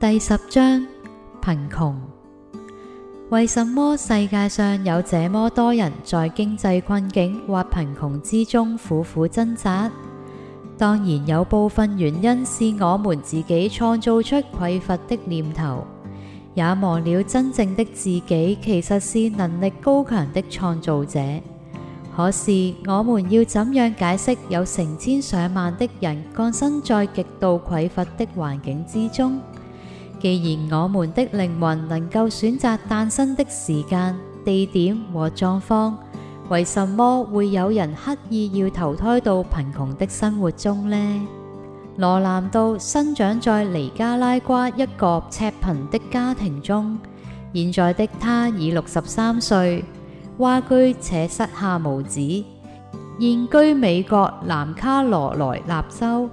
第十章貧窮。為什麼世界上有這麼多人在經濟困境或貧窮之中苦苦掙扎？當然，有部分原因是我們自己創造出匱乏的念頭，也忘了真正的自己其實是能力高強的創造者。可是，我們要怎樣解釋有成千上萬的人降生在極度匱乏的環境之中？既然我們的靈魂能夠選擇誕生的時間、地點和狀況，為什麼會有人刻意要投胎到貧窮的生活中呢？羅南度生長在尼加拉瓜一個赤貧的家庭中，現在的他已六十三歲，蝸居且膝下無子，現居美國南卡羅來納州，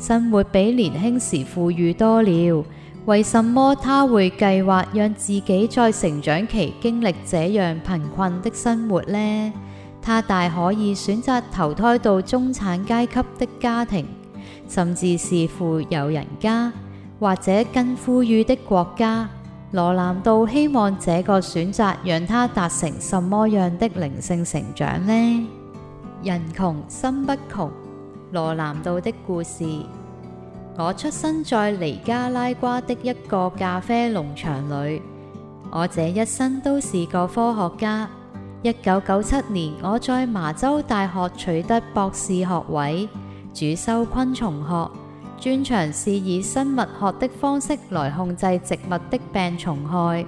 生活比年輕時富裕多了。為什麼他會計劃讓自己在成長期經歷這樣貧困的生活呢？他大可以選擇投胎到中產階級的家庭，甚至是富有人家，或者更富裕的國家。羅南度希望這個選擇讓他達成什麼樣的靈性成長呢？人窮心不窮，羅南度的故事。我出生在尼加拉瓜的一個咖啡農場裏，我這一生都是個科學家。一九九七年，我在麻州大學取得博士學位，主修昆蟲學，專長是以生物學的方式來控制植物的病蟲害。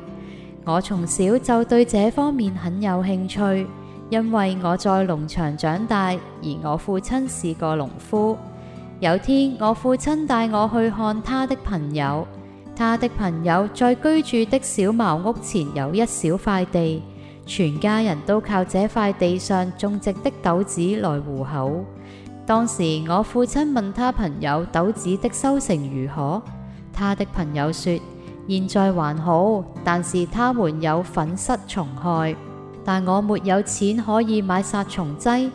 我從小就對這方面很有興趣，因為我在農場長大，而我父親是個農夫。有天，我父親帶我去看他的朋友。他的朋友在居住的小茅屋前有一小塊地，全家人都靠這塊地上種植的豆子來糊口。當時我父親問他朋友：豆子的收成如何？他的朋友說：現在還好，但是他們有粉虱蟲害，但我沒有錢可以買殺蟲劑。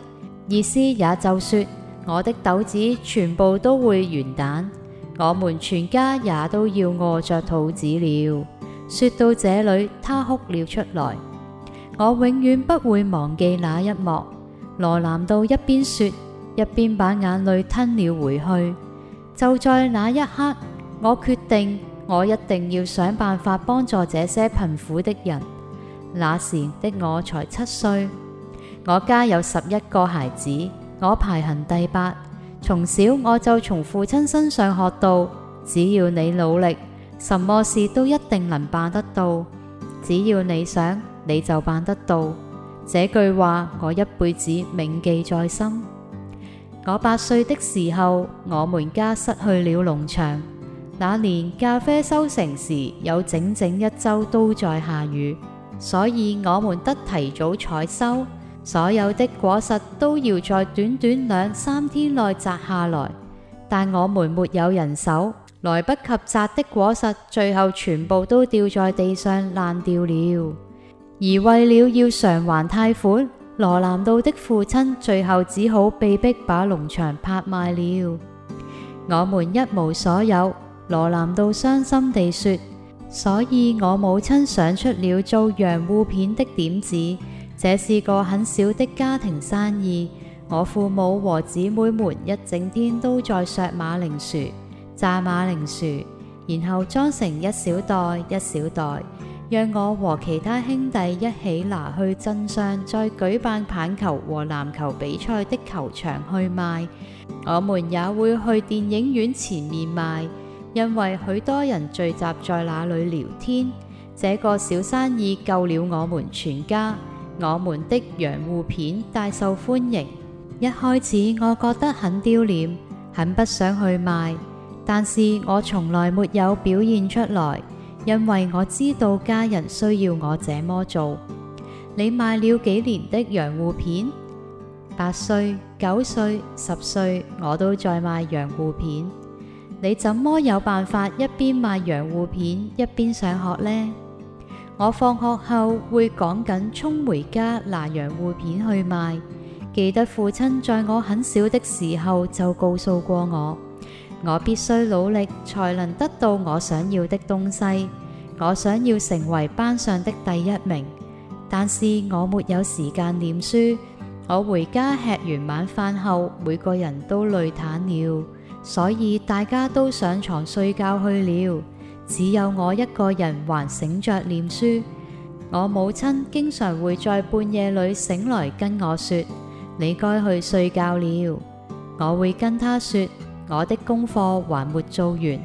意思也就說：我的豆子全部都會完蛋，我們全家也都要餓着肚子了。說到這裏，他哭了出來。我永遠不會忘記那一幕。羅南度一邊說，一邊把眼淚吞了回去。就在那一刻，我決定我一定要想辦法幫助這些貧苦的人。那時的我才七歲，我家有十一個孩子。我排行第八，從小我就從父親身上學到，只要你努力，什麼事都一定能辦得到。只要你想，你就辦得到。這句話我一輩子銘記在心。我八歲的時候，我們家失去了農場。那年咖啡收成時，有整整一周都在下雨，所以我們得提早採收。所有的果實都要在短短兩三天內摘下來，但我們沒有人手，來不及摘的果實最後全部都掉在地上爛掉了。而為了要償還貸款，羅南道的父親最後只好被迫把農場拍賣了。我們一無所有，羅南道傷心地說。所以我母親想出了做洋芋片的點子。這是個很小的家庭生意，我父母和姊妹們一整天都在削馬鈴薯、炸馬鈴薯，然後裝成一小袋一小袋，讓我和其他兄弟一起拿去鎮上，再舉辦棒球和籃球比賽的球場去賣。我們也會去電影院前面賣，因為許多人聚集在那裏聊天。這個小生意救了我們全家。我們的洋芋片大受歡迎。一開始我覺得很丟臉，很不想去賣，但是我從來沒有表現出來，因為我知道家人需要我這麼做。你賣了幾年的洋芋片？八歲、九歲、十歲，我都在賣洋芋片。你怎麼有辦法一邊賣洋芋片一邊上學呢？我放學後會趕緊衝回家拿洋芋片去賣。記得父親在我很小的時候就告訴過我，我必須努力才能得到我想要的東西。我想要成為班上的第一名，但是我沒有時間念書。我回家吃完晚飯後，每個人都累癱了，所以大家都上床睡覺去了。只有我一個人還醒着念書。我母親經常會在半夜裏醒來跟我說：你該去睡覺了。我會跟她說：我的功課還沒做完。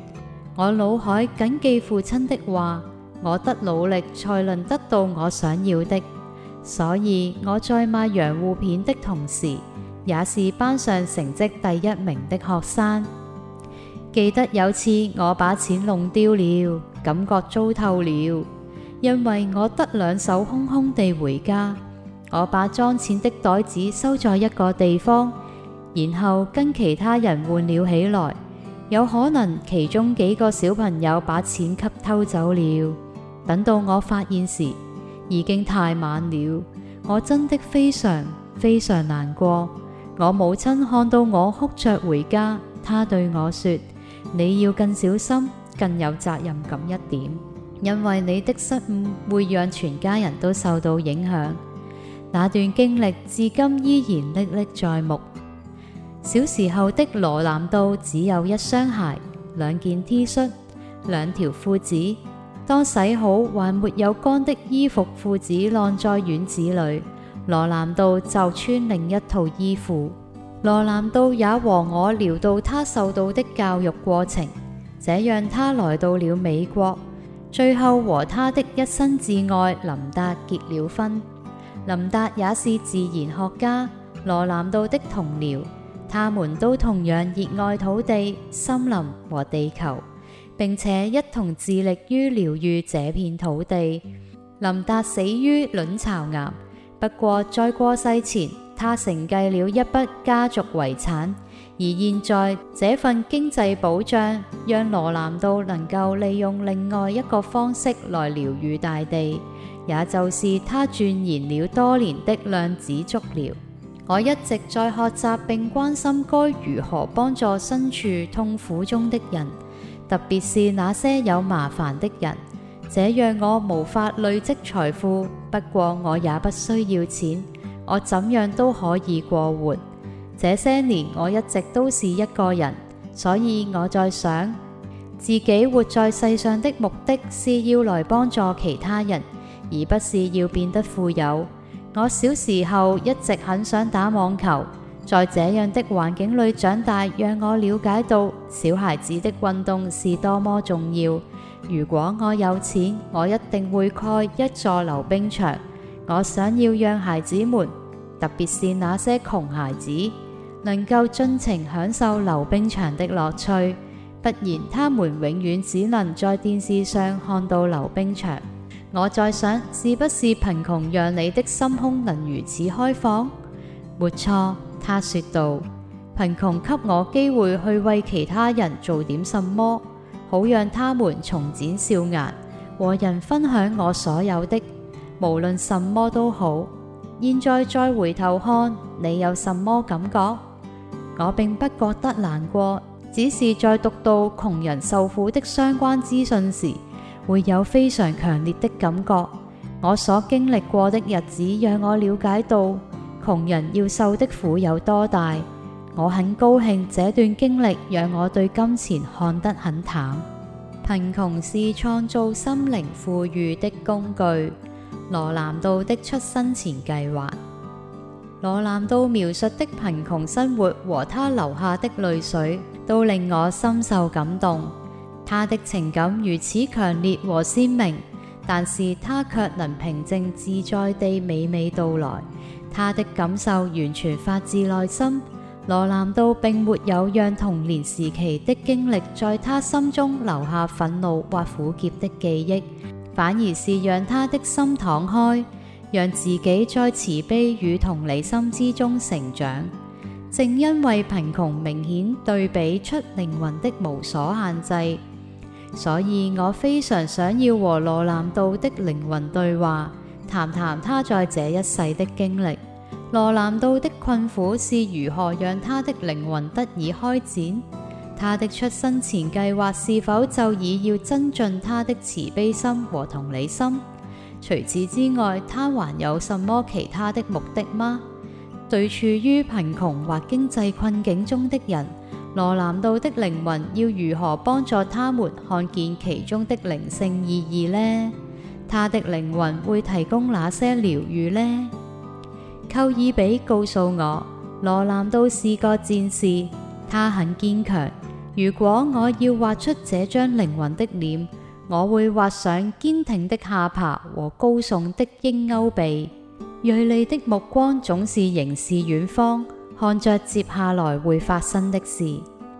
我腦海謹記父親的話：我得努力才能得到我想要的。所以我在賣洋芋片的同時，也是班上成績第一名的學生。記得有次我把錢弄丟了，感覺糟透了，因為我得兩手空空地回家。我把裝錢的袋子收在一個地方，然後跟其他人換了起來。有可能其中幾個小朋友把錢給偷走了。等到我發現時，已經太晚了。我真的非常非常難過。我母親看到我哭着回家，她對我說：你要更小心，更有責任感一點，因為你的失誤會讓全家人都受到影響。那段經歷至今依然歷歷在目。小時候的羅南度只有一雙鞋、兩件 T 恤、兩條褲子。當洗好還沒有乾的衣服褲子晾在院子裏，羅南度就穿另一套衣服。羅南道也和我聊到他受到的教育過程，這讓他來到了美國，最後和他的一生摯愛林達結了婚。林達也是自然學家，羅南道的同僚，他們都同樣熱愛土地、森林和地球，並且一同致力於療癒這片土地。林達死於卵巢癌，不過在過世前。他承繼了一筆家族遺產，而現在這份經濟保障讓羅南度能夠利用另外一個方式來療癒大地，也就是他鑽研了多年的量子足療。我一直在學習並關心該如何幫助身處痛苦中的人，特別是那些有麻煩的人。這讓我無法累積財富，不過我也不需要錢。我怎樣都可以過活，這些年我一直都是一個人，所以我在想自己活在世上的目的是要來幫助其他人，而不是要變得富有。我小時候一直很想打網球，在這樣的環境裏長大，讓我了解到小孩子的運動是多麼重要。如果我有錢，我一定會蓋一座溜冰場。我想要讓孩子們，特別是那些窮孩子，能夠盡情享受溜冰場的樂趣，不然他們永遠只能在電視上看到溜冰場。我在想，是不是貧窮讓你的心胸能如此開放？沒錯，他說道。貧窮給我機會去為其他人做點什麼，好讓他們重展笑顏，和人分享我所有的，無論什麼都好。現在再回頭看，你有什麼感覺？我並不覺得難過，只是在讀到窮人受苦的相關資訊時會有非常強烈的感覺。我所經歷過的日子，讓我了解到窮人要受的苦有多大。我很高興這段經歷讓我對金錢看得很淡。貧窮是創造心靈富裕的工具。羅南度的出生前計劃，羅南度描述的貧窮生活和他留下的淚水，都令我深受感動。他的情感如此強烈和鮮明，但是他卻能平靜自在地娓娓道來。他的感受完全發自內心。羅南度並沒有讓童年時期的經歷在他心中留下憤怒或苦澀的記憶。反而是讓他的心敞開，讓自己在慈悲與同理心之中成長。正因為貧窮明顯對比出靈魂的無所限制，所以我非常想要和羅南度的靈魂對話，談談他在這一世的經歷。羅南度的困苦是如何讓他的靈魂得以開展？他的出生前計劃是否就已要增進他的慈悲心和同理心？除此之外，他還有什麼其他的目的嗎？對處於貧窮或經濟困境中的人，羅南度的靈魂要如何幫助他們看見其中的靈性意義呢？他的靈魂會提供哪些療癒呢？寇爾比告訴我，羅南度是個戰士，他很堅強。如果我要畫出這張靈魂的臉，我會畫上堅挺的下巴和高聳的鷹鈎鼻，銳利的目光總是凝視遠方，看着接下來會發生的事。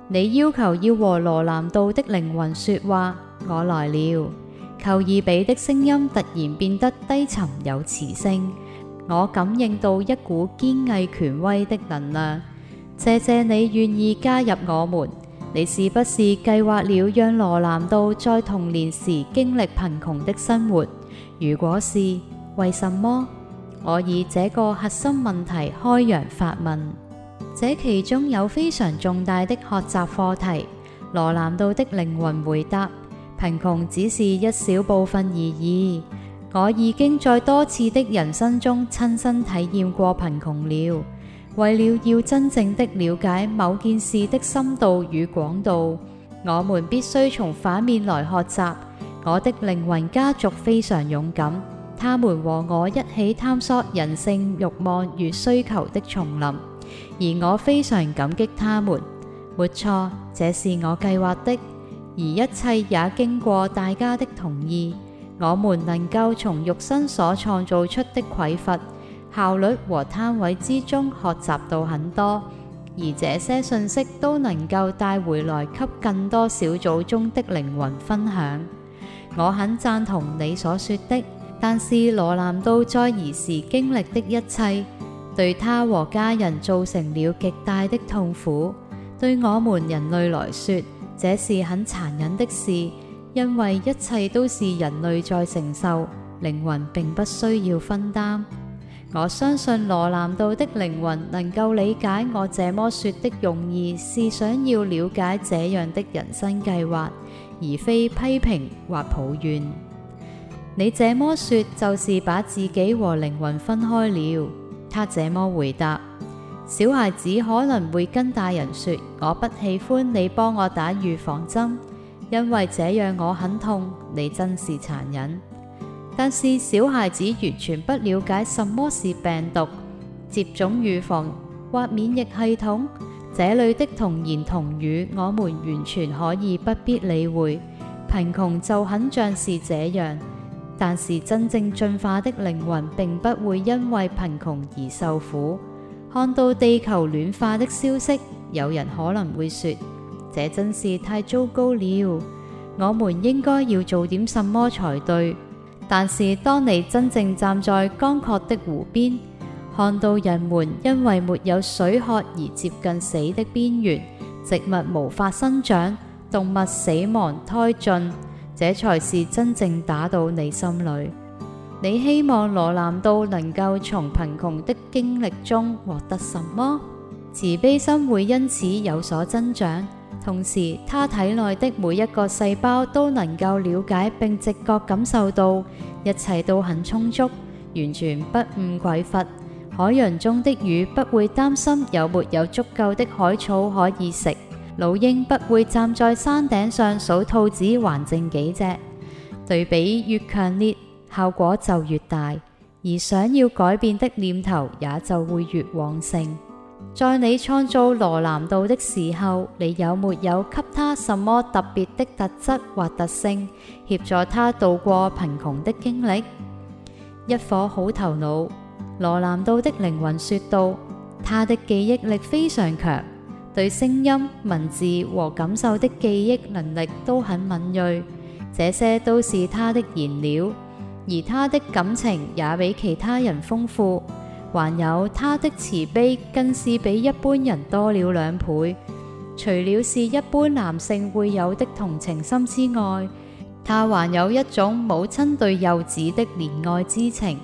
你要求要和羅南度的靈魂說話，我來了。寇爾比的聲音突然變得低沉有磁性，我感應到一股堅毅權威的能量。謝謝你願意加入我們。你是不是計劃了讓羅南度在童年時經歷貧窮的生活？如果是，為什麼？我以這個核心問題開揚發問，這其中有非常重大的學習課題。羅南度的靈魂回答：貧窮只是一小部分而已，我已經在多次的人生中親身體驗過貧窮了。為了要真正的了解某件事的深度與廣度，我們必須從反面來學習。我的靈魂家族非常勇敢，他們和我一起探索人性慾望與需求的叢林，而我非常感激他們。沒錯，這是我計劃的，而一切也經過大家的同意。我們能夠從肉身所創造出的匱乏、效率和攤位之中學習到很多，而這些信息都能夠帶回來給更多小組中的靈魂分享。我很贊同你所說的，但是羅南度在兒時經歷的一切，對他和家人造成了極大的痛苦。對我們人類來說，這是很殘忍的事，因為一切都是人類在承受，靈魂並不需要分擔。我相信羅南度的靈魂能夠理解我這麼說的用意，是想要了解這樣的人生計劃，而非批評或抱怨。你這麼說就是把自己和靈魂分開了。他這麼回答：小孩子可能會跟大人說，我不喜歡你幫我打預防針，因為這樣我很痛。你真是殘忍。但是小孩子完全不了解什麼是病毒、接種預防或免疫系統。這裡的童言童語，我們完全可以不必理會。貧窮就很像是這樣，但是真正進化的靈魂並不會因為貧窮而受苦。看到地球暖化的消息，有人可能會說，這真是太糟糕了，我們應該要做點什麼才對。但是當你真正站在乾涸的湖邊，看到人們因為沒有水喝而接近死的邊緣，植物無法生長，動物死亡殆盡，這才是真正打到你心裏。你希望羅南度能夠從貧窮的經歷中獲得什麼？慈悲心會因此有所增長。同時，他體內的每一個細胞都能夠了解並直覺感受到一切都很充足，完全不虞匱乏。海洋中的魚不會擔心有沒有足夠的海草可以食，老鷹不會站在山頂上數兔子還剩幾隻。對比越強烈，效果就越大，而想要改變的念頭也就會越旺盛。在你創造羅南道的時候，你有沒有給他什麼特別的特質或特性，協助他度過貧窮的經歷？一顆好頭腦，羅南道的靈魂說道：他的記憶力非常強，對聲音、文字和感受的記憶能力都很敏銳，這些都是他的燃料。而他的感情也比其他人豐富。還有他的慈悲，更是比一般人多了兩倍。除了是一般男性會有的同情心之外，他還有一種母親對幼子的憐愛之情。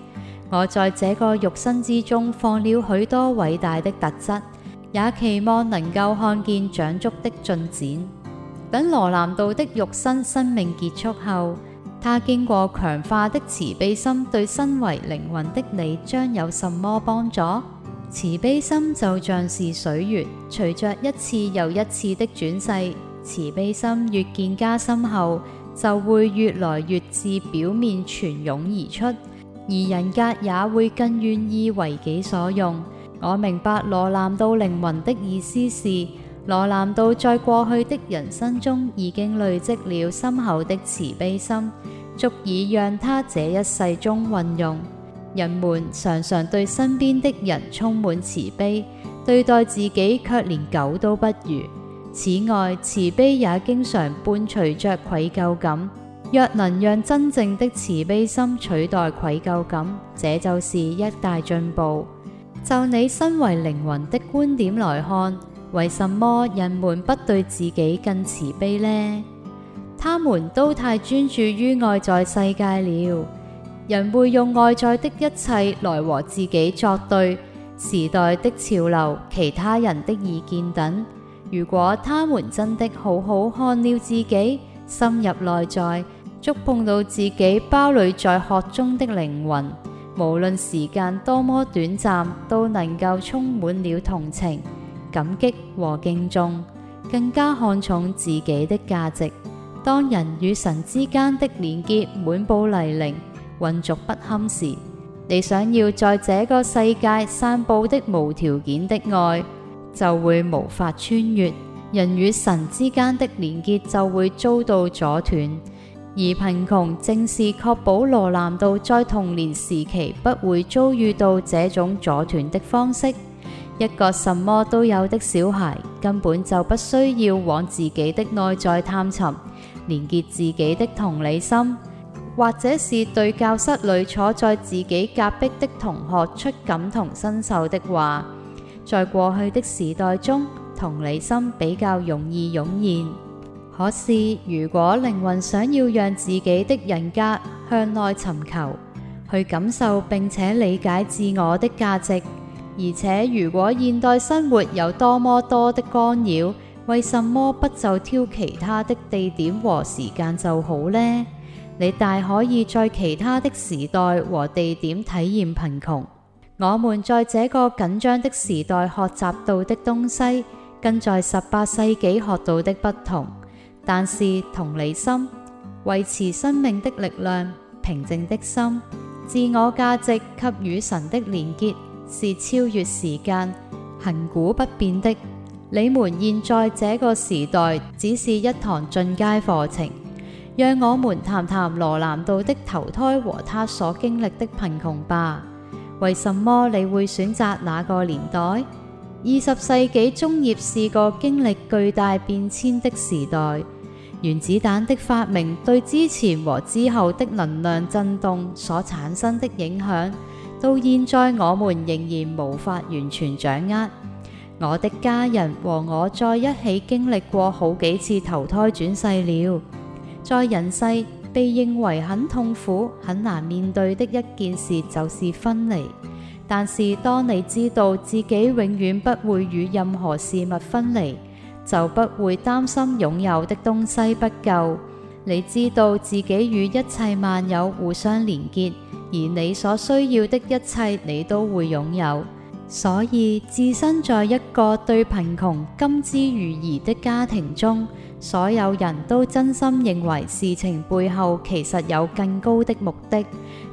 我在這個肉身之中放了許多偉大的特質，也期望能夠看見長足的進展。等羅南度的肉身生命結束後。他經過強化的慈悲心，對身為靈魂的你將有什麼幫助？慈悲心就像是水月，隨着一次又一次的轉世，慈悲心越見加深後，就會越來越自表面全湧而出，而人格也會更願意為己所用。我明白羅南度靈魂的意思是。羅南度在過去的人生中已經累積了深厚的慈悲心，足以讓他這一世中運用。人們常常對身邊的人充滿慈悲，對待自己卻連狗都不如。此外，慈悲也經常伴隨着愧疚感。若能讓真正的慈悲心取代愧疚感，這就是一大進步。就你身為靈魂的觀點來看。為什麼人們不對自己更慈悲呢？他們都太專注於外在世界了。人會用外在的一切來和自己作對，時代的潮流、其他人的意見等。如果他們真的好好看了自己，深入內在，觸碰到自己包裹在殼中的靈魂，無論時間多麼短暫，都能夠充滿了同情。感激和敬重，更加看重自己的價值。當人與神之間的連結滿布泥濘、渾濁不堪時，你想要在這個世界散布的無條件的愛就會無法穿越，人與神之間的連結就會遭到阻斷。而貧窮正是確保羅南度在童年時期不會遭遇到這種阻斷的方式。一個什麼都有的小孩，根本就不需要往自己的內在探尋，連結自己的同理心，或者是對教室裏坐在自己隔壁的同學出感同身受的話。在過去的時代中，同理心比較容易湧現。可是，如果靈魂想要讓自己的人格向內尋求，去感受並且理解自我的價值。而且，如果現代生活有多麼多的干擾，為什麼不就挑其他的地點和時間就好呢？你大可以在其他的時代和地點體驗貧窮。我們在這個緊張的時代學習到的東西，跟在十八世紀學到的不同。但是同理心、維持生命的力量、平靜的心、自我價值及與神的連結。是超越時間、亙古不變的。你們現在這個時代只是一堂進階課程。讓我們談談羅南度的投胎和他所經歷的貧窮吧。為什麼你會選擇那個年代？二十世紀中葉是個經歷巨大變遷的時代。原子彈的發明對之前和之後的能量震動所產生的影響。到現在，我們仍然無法完全掌握。我的家人和我在一起經歷過好幾次投胎轉世了。在人世被認為很痛苦、很難面對的一件事，就是分離。但是當你知道自己永遠不會與任何事物分離，就不會擔心擁有的東西不夠。你知道自己與一切萬有互相連結，而你所需要的一切你都會擁有。所以，置身在一個對貧窮甘之如飴的家庭中，所有人都真心認為事情背後其實有更高的目的，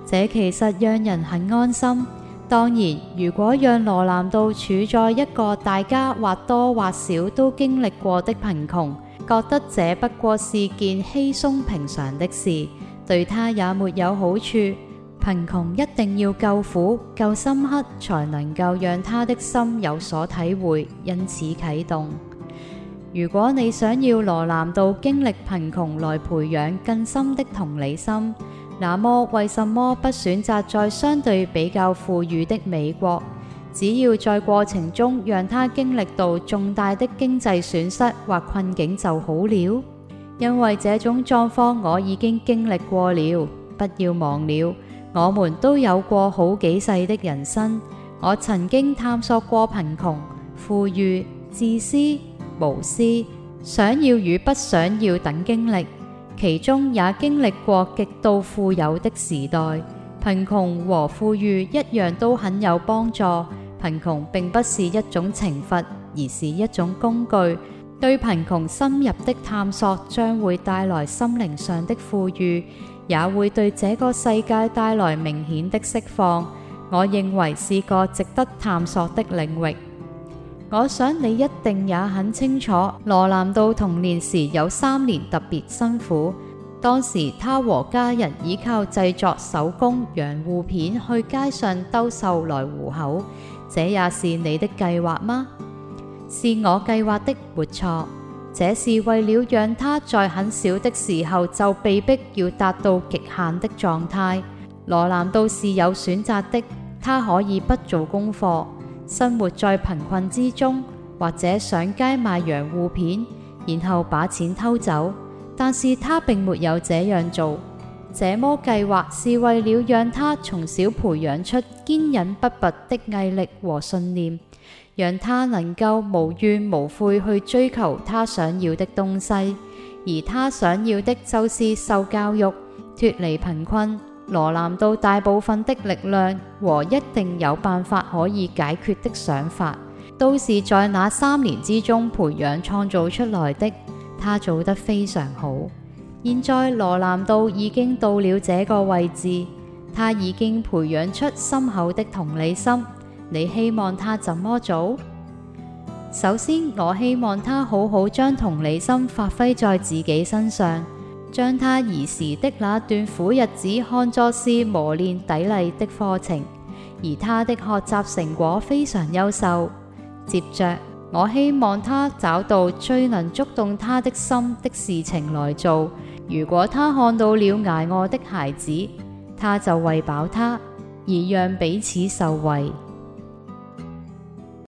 這其實讓人很安心。當然，如果讓羅南度處在一個大家或多或少都經歷過的貧窮，覺得這不過是件稀鬆平常的事，對他也沒有好處。貧窮一定要夠苦、夠深刻，才能夠讓他的心有所體會，因此啟動。如果你想要羅南度經歷貧窮來培養更深的同理心，那麼為什麼不選擇在相對比較富裕的美國？只要在過程中讓他經歷到重大的經濟損失或困境就好了，因為這種狀況我已經經歷過了。不要忘了，我們都有過好幾世的人生，我曾經探索過貧窮、富裕、自私、無私、想要與不想要等經歷，其中也經歷過極度富有的時代。貧窮和富裕一樣都很有幫助。貧窮並不是一種懲罰，而是一種工具。對貧窮深入的探索將會帶來心靈上的富裕，也會對這個世界帶來明顯的釋放。我認為是個值得探索的領域。我想你一定也很清楚，羅南度童年時有三年特別辛苦，當時他和家人倚靠製作手工洋芋片去街上兜售來糊口。這也是你的計劃嗎？是我計劃的，沒錯。這是為了讓他在很小的時候就被迫要達到極限的狀態。羅南度是有選擇的，他可以不做功課，生活在貧困之中，或者上街賣洋芋片，然後把錢偷走。但是他並沒有這樣做。這麼計劃是為了讓他從小培養出堅忍不拔的毅力和信念，讓他能夠無怨無悔去追求他想要的東西。而他想要的，就是受教育、脫離貧困。羅南度大部分的力量和一定有辦法可以解決的想法，都是在那三年之中培養創造出來的。他做得非常好。現在羅南度已經到了這個位置，他已經培養出深厚的同理心。你希望他怎麼做？首先，我希望他好好將同理心發揮在自己身上，將他兒時的那段苦日子看作是磨練砥礪的課程，而他的學習成果非常優秀。接着，我希望他找到最能觸動他的心的事情來做。如果他看到了挨餓的孩子，他就餵飽他，而讓彼此受惠。